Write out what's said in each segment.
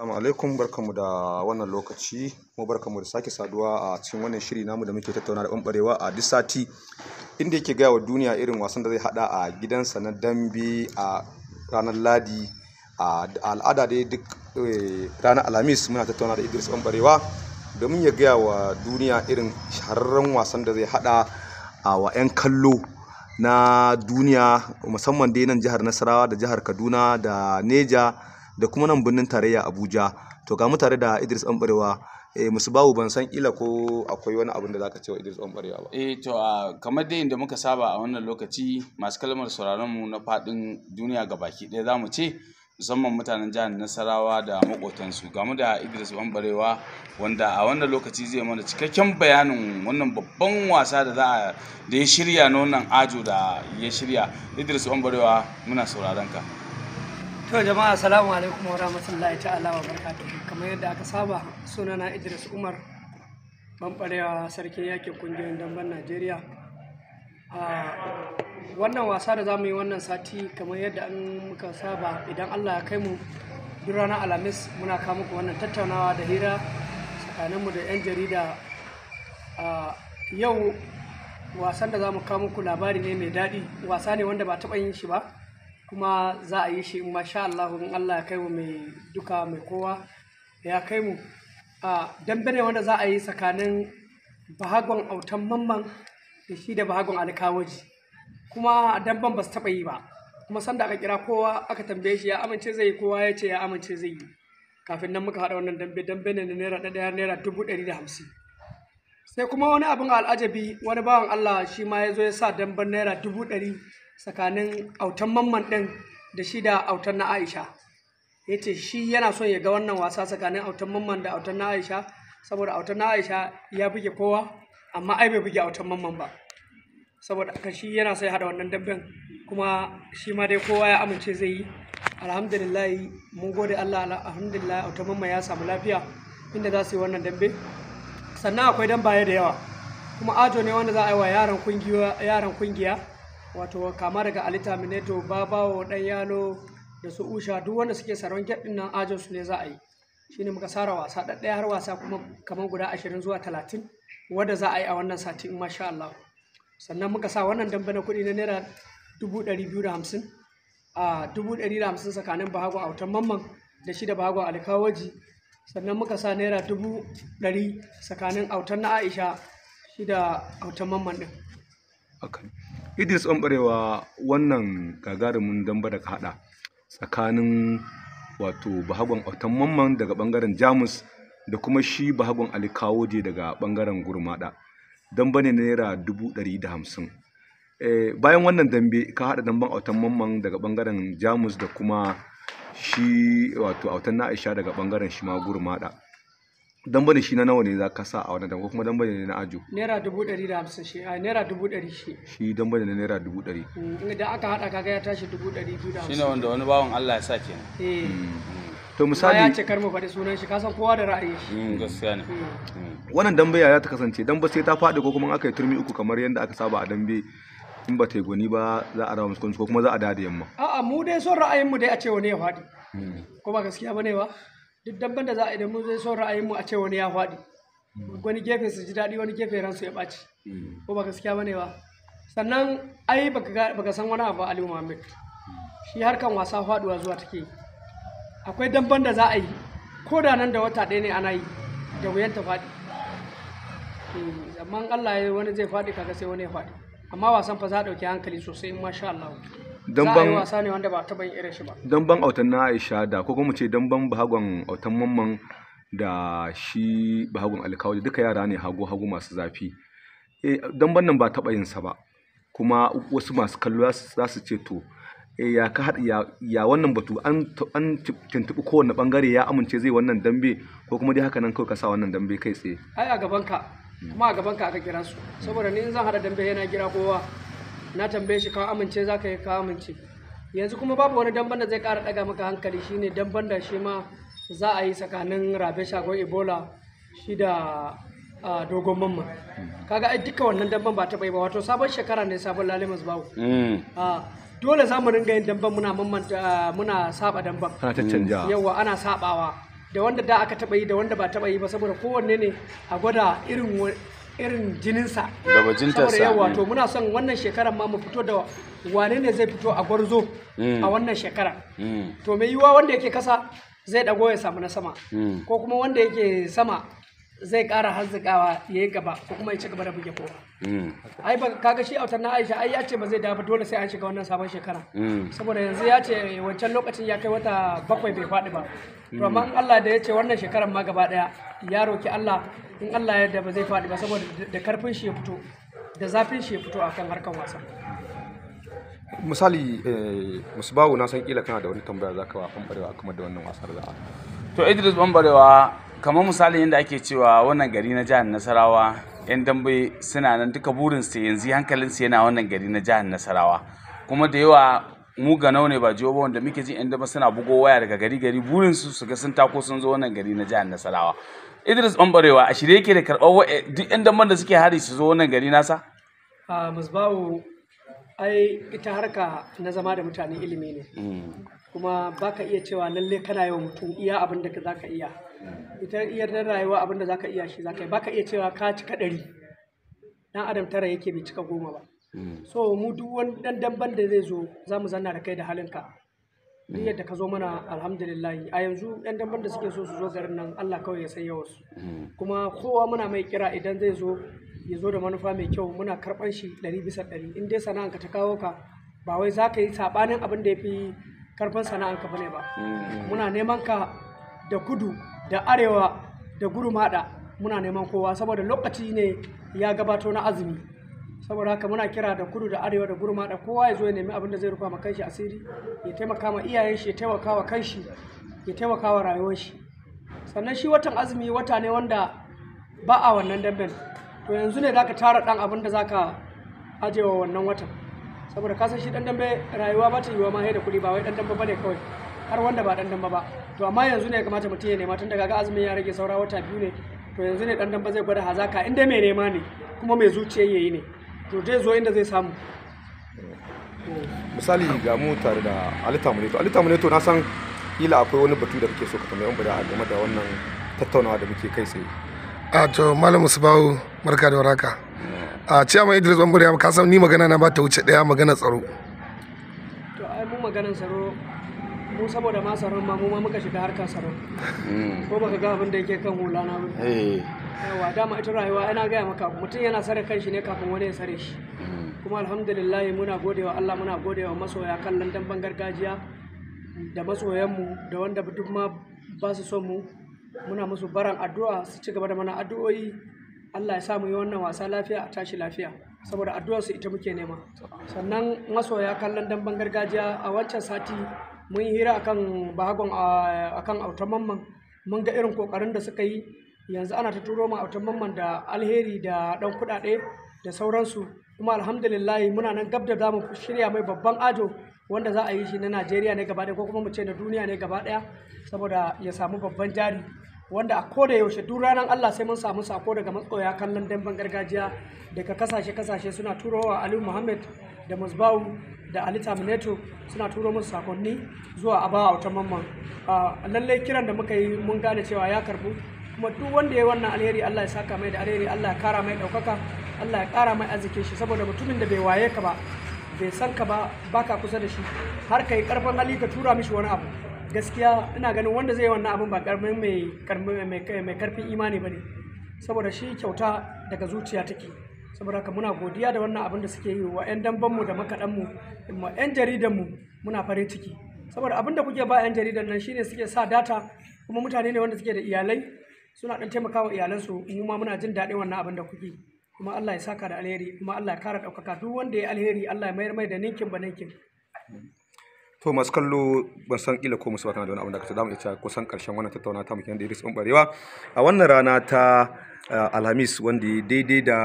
Assalamu alaikum barkamu da wannan lokaci kuma barkamu da sake saduwa a cikin wannan shiri namu da muke tattauna da ɓanɓarewa a duk sati inda yake gaya wa duniya irin wasan da zai hada a gidansa na dambe a ranar ladi a al'ada dai duk eh, ranar alhamis muna tattauna da idris banbarewa domin ya gaya wa duniya irin shahararren wasan da zai hada a wa 'yan kallo na duniya musamman dai nan jihar nasarawa da jihar kaduna da neja da kuma nan birnin tarayya Abuja. To ga mu tare da Idris Ɓanɓarewa eh Musbahu ban san ila ko akwai wani abin da zaka ce wa Idris Ɓanɓarewa ba. Eh to kamar dai inda muka saba a wannan lokaci masu kalmar sauraron mu na faɗin duniya ga baki ɗaya zamu ce musamman mutanen jihar Nasarawa da makotansu mu da Idris Bambarewa wanda a wannan lokaci zai mana cikakken bayanin wannan babban wasa da za a da ya shirya na wannan ajo da ya shirya Idris Bambarewa muna sauraron ka. yau jama'a salamu alaikum wa rahmatullahi ta'ala wa barakatuhu kamar yadda aka saba sunana Idris Umar banbarewa sarkin yakin kungiyar damben Najeriya. wannan wasa da zamu yi wannan sati kamar yadda an muka saba idan Allah ya kai mu duk ranar Alhamis muna kawo muku wannan tattaunawa da hira tsakaninmu da 'yan jarida yau wasan da zamu kawo muku labari ne mai daɗi wasa ne wanda ba taɓa yin shi ba kuma za a yi shi masha Allah in Allah ya kai mu mai duka mai kowa ya kai mu a dambe wanda za a yi tsakanin bahagon autan mamman da shi da bahagon alkawaji kuma damben ba su taɓa yi ba kuma sanda aka kira kowa aka tambaye shi ya amince zai yi kowa ya ce ya amince zai yi kafin nan muka haɗa wannan dambe dambe ne na naira ɗaya naira dubu ɗari da hamsin sai kuma wani abin al'ajabi wani bawan Allah shi ma ya zo ya sa damben naira dubu ɗari tsakanin autan mamman ɗin da shi da autan na aisha ya ce shi yana son ya ga wannan wasa tsakanin autan mamman da autan na aisha saboda autan na aisha ya buge kowa amma ai bai buge autan mamman ba saboda aka shi yana son ya haɗa wannan damben kuma shi ma dai kowa ya amince zai yi alhamdulillah mun gode allah alhamdulillah autan mamman ya samu lafiya inda za su yi wannan dambe sannan akwai dambaye da yawa kuma ajo ne wanda za a yi wa yaran kungiya wato kama daga alita mineto babawo dan yalo da su usha duk wanda suke saron get din nan ajin su ne za a yi shine muka sara wasa ɗaya-ɗaya har wasa kuma kamar guda ashirin zuwa talatin wadda za a yi a wannan sati in masha Allah sannan muka sa wannan dambe na kuɗi na naira dubu ɗari biyu da hamsin a dubu ɗari da hamsin tsakanin bahago autan mamman da shi da bahago alkawaji sannan muka sa naira dubu ɗari tsakanin autan na aisha shi da autan mamman ɗin idris ɓamɓarewa wannan gagarumin damba da ka haɗa tsakanin wato bahagon autan mamman daga ɓangaren jamus da kuma shi bahagon alikawoje daga ɓangaren gurmaɗa damba ne naira dubu ɗari da hamsin eh, bayan wannan dambe ka haɗa damban autan mamman daga ɓangaren jamus da kuma shi wato autan na aisha daga ɓangaren shima gurmada gurmaɗa dambane shi na nawa ne za ka sa a wani damba kuma dambane ne na ajo naira dubu ɗari da hamsin shi a naira dubu ɗari shi shi dambane ne naira dubu ɗari mm, da aka haɗa kaga ya tashi dubu ɗari biyu da hamsin shine wanda wani bawan Allah ya sa kenan eh. mm. Mm. to misali ya ce karmu faɗi sunan shi kasan kowa da ra'ayi shi gaskiya ne wannan dambaya ya ta kasance damba sai ta faɗi ko kuma aka yi turmi uku kamar yadda aka saba a dambe in ba ta yi gwani ba za a rawa musu ko kuma za a dada yamma a'a mu dai son ra'ayin mu dai a ce wani ya faɗi ko ba gaskiya bane ba duk dabban da za a idan mun zai son ra'ayinmu a ce wani ya faɗi hmm. wani gefe su ji daɗi wani gefe ransu ya ɓaci hmm. ko ba gaskiya bane ba sannan ai baka san wani abu Ali Muhammad hmm. shi harkan wasa faɗuwa zuwa take akwai dabban da za a yi ko da nan da wata ɗaya ne ana yi da wuyan ta faɗi amma Allah ya wani zai faɗi kaga sai wani ya faɗi amma wasan fa za a ɗauki hankali sosai masha Allah damban wasa ne wanda ba ban irin shi ba damban autan na Aisha da ko kuma mu ce damban bahagon autan mamman da shi bahagon alkawai duka yara ne hagu hagu masu zafi eh damban nan ba taɓa yin sa ba kuma wasu masu kallo za su ce to eh, ya ka ya, ya wannan batu an an tuntubi kowanne bangare ya amince zai wannan dambe ko kuma dai haka nan kawai ka sa wannan dambe kai tsaye ai a gaban ka kuma a gaban ka aka kira su saboda ni in zan hada dambe yana kira kowa na tambaye shi ka amince za ka yi ka amince yanzu kuma babu wani damban da zai ƙara ɗaga maka hankali shi ne damban da shi ma za a yi tsakanin rabe shagon ebola shi da dogon mamman kaga ai duka wannan damban ba taɓa yi ba wato sabon shekara ne sabon lalimas bawo mm. dole za mu ringa yin damban muna muna saba damban yawa ana mm. sabawa da wanda da aka taɓa yi da wanda ba taɓa yi ba saboda kowanne ne a gwada irin irin jininsa saboda yawa to muna son wannan shekarar ma mu fito da wane ne zai fito a gwarzo mm. a wannan shekarar mm. to mai yiwuwa wanda yake kasa zai dago ya samu na sama mm. ko kuma wanda yake sama zai ƙara harzikawa ya yi gaba ko kuma ya ci gaba da buge kowa. Mm. Ai ba kaga shi autar na Aisha ai ya ce ba zai dafa dole sai an shiga wannan sabon shekara. Mm. Saboda yanzu ya ce wancan lokacin ya kai wata bakwai bai faɗi ba. To amma in mm. Allah da ya ce wannan shekaran ma gaba ɗaya ya roki Allah in Allah ya da ba zai faɗi ba saboda da karfin shi ya fito da zafin shi ya fito akan harkan wasa. misali eh, musbawu na san kila kana da wani tambaya zaka wa bambarewa kuma da wannan wasar da to Idris bambarewa kamar misali yadda ake cewa wannan gari na jihar nasarawa yan dambe suna nan duka burinsu yanzu hankalinsu yana wannan gari na jihar nasarawa kuma da yawa mu ga ne ba jiyo ba wanda muke jin yan dambe suna bugo waya daga gari gari burinsu su ga sun tako sun zo wannan gari na jihar nasarawa idris bambarewa a shirye yake da karɓar eh, duk yan damban da suke hari su zo wannan gari nasa a musbawu ai ita harka na zama da mutane ilimi ne mm. kuma baka iya cewa lalle kana yawan mutum iya abin da za ka iya ita yardar rayuwa abin abinda zaka iya shi zaka yi baka iya cewa ka cika ɗari dan adam tara yake bai cika goma ba hmm. so mu duk wani dan damban da zai zo za mu zanna da kai da halinka duk yadda ka zo mana alhamdulillahi a yanzu yan damban da suke so su zo garin nan Allah kawai ya san su hmm. kuma kowa muna mai kira idan zai zo ya zo da manufa mai kyau muna karɓan shi ɗari bisa ɗari in dai sana'anka ta kawo ka ba wai za ka yi saɓanin abin da ya fi karfin sana'anka ba ne hmm. ba muna neman ka da kudu da arewa da gurmada muna neman kowa saboda lokaci ne ya gabato na azumi saboda haka muna kira da kudu da arewa da gurmada kowa ya zo ya nemi abin da zai rufa ma kanshi asiri ya taimaka ma iyayen shi ya taimaka wa kanshi ya taimaka wa rayuwar shi sannan shi watan azumi wata ne wanda ba a wannan damben to yanzu ne zaka tara dan abin da zaka ajewa wannan watan saboda kasan shi dan dambe rayuwa ba ta wa ma da kuɗi ba wai dan dambe ba ne kawai har wanda ba dandan ba to amma yanzu ne ya kamata mutum ya nema tun daga ga azumin ya rage saura wata biyu ne to yanzu ne dandan ba zai gwada hazaka inda mai nema ne kuma mai zuciya yayi ne to zai zo inda zai samu misali ga mu tare da alita muneto alita muneto na san kila akwai wani batu da kake so ka tambaye mu da game da wannan tattaunawa da muke kai tsaye a to malam musbahu barka da waraka a ciyaman idris ya ka san ni magana na ba ta wuce daya magana tsaro to ai mu maganan tsaro mu saboda ma sarau ma mu ma muka shiga harkar sarau hmm. ko baka ga abin da yake kan hula na ba eh. yawa dama ita rayuwa yana gaya maka mutum yana sare shi ne kafin wani ya sare shi hmm. kuma alhamdulillah muna godewa Allah muna godewa masoya lantan damben gargajiya da mu da wanda duk ma ba su son mu muna musu baran addu'a su ci gaba da mana addu'o'i Allah ya mu yi wannan wasa lafiya a tashi lafiya saboda addu'ar su ita muke nema sannan masoya kallon damben gargajiya a wancan sati mun yi hira akan bahagon akan autan mamman mun ga irin kokarin da suka yi yanzu ana ta turo ma autan mamman da alheri da dan kuɗaɗe da sauransu kuma alhamdulillah muna nan gab da za mu shirya mai babban ajo wanda za a yi shi na najeriya ne gaba ɗaya ko kuma mu ce na duniya ne gaba ɗaya saboda ya samu babban jari wanda a koda yaushe duk ranar Allah sai mun samu sako daga matsoya kallon damben gargajiya daga kasashe-kasashe suna turowa Aliyu Muhammad da Musbau da Ali suna turo musu sakonni zuwa bawa wata Mamman. Lallai kiran da muka yi mun gane cewa ya karbu kuma duk wanda ya yi wannan alheri Allah ya saka mai da alheri Allah ya kara mai ɗaukaka Allah ya kara mai arzikin shi saboda mutumin da bai waye ka ba bai san ka ba baka kusa da shi har ka yi karfin hali ka tura mishi wani abu gaskiya ina ganin wanda zai wannan abin ba karamin mai karfin imani ba ne saboda shi kyauta daga zuciya take saboda ka muna godiya da wannan abin da suke yi wa 'yan mu da makaɗanmu ma 'yan jaridanmu muna farin ciki saboda abin da kuke ba 'yan jaridan nan shine suke sa data kuma mutane ne wanda suke da iyalai suna ɗan taimakawa su mu ma muna jin daɗin wannan abin da kuke kuma Allah ya saka da alheri kuma Allah ya kara ɗaukaka duk wanda ya alheri Allah ya mayar mai da ninkin ba ninkin to masu kallo ban san ila ko musu ba kana da wani abin da kace zamu iya kusan karshen wannan tattaunawa ta mukin da Idris barewa a wannan rana ta eh, Alhamis wanda ya daidai da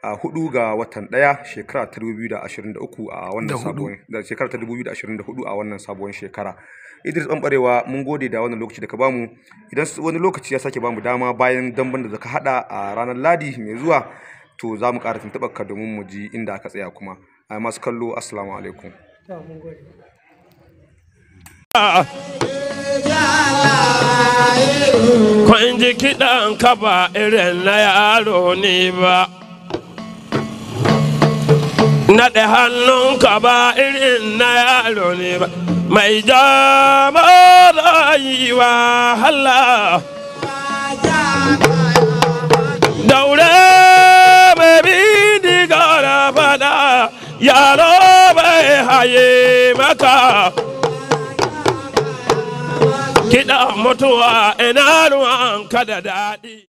a ah, hudu ga watan daya shekara ta 2023 a wannan sabon da shekara ta 2024 a wannan sabon shekara Idris Bambarewa mun gode da wannan lokaci da ka bamu idan wani lokaci ya sake bamu dama bayan damban da ka hada a ranar Ladi mai zuwa to za mu ƙara tuntuɓar ka domin mu ji inda aka tsaya kuma a ah, masu kallo assalamu alaikum ji kiɗan kaba irin na yaro ne ba naɗe hannun ka ba irin na yaro ne ba mai jama yi wahala daure mai bi fada yaro bai haye maka da mutuwa ina ruwan ka da daɗi